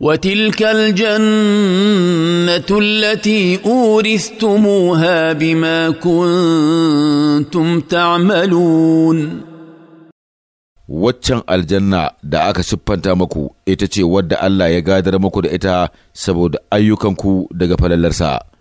وتلك الجنه التي اورثتموها بما كنتم تعملون waccan aljanna da aka siffanta muku ita ce wadda Allah ya gadar muku da ita saboda ayyukanku daga falalarsa.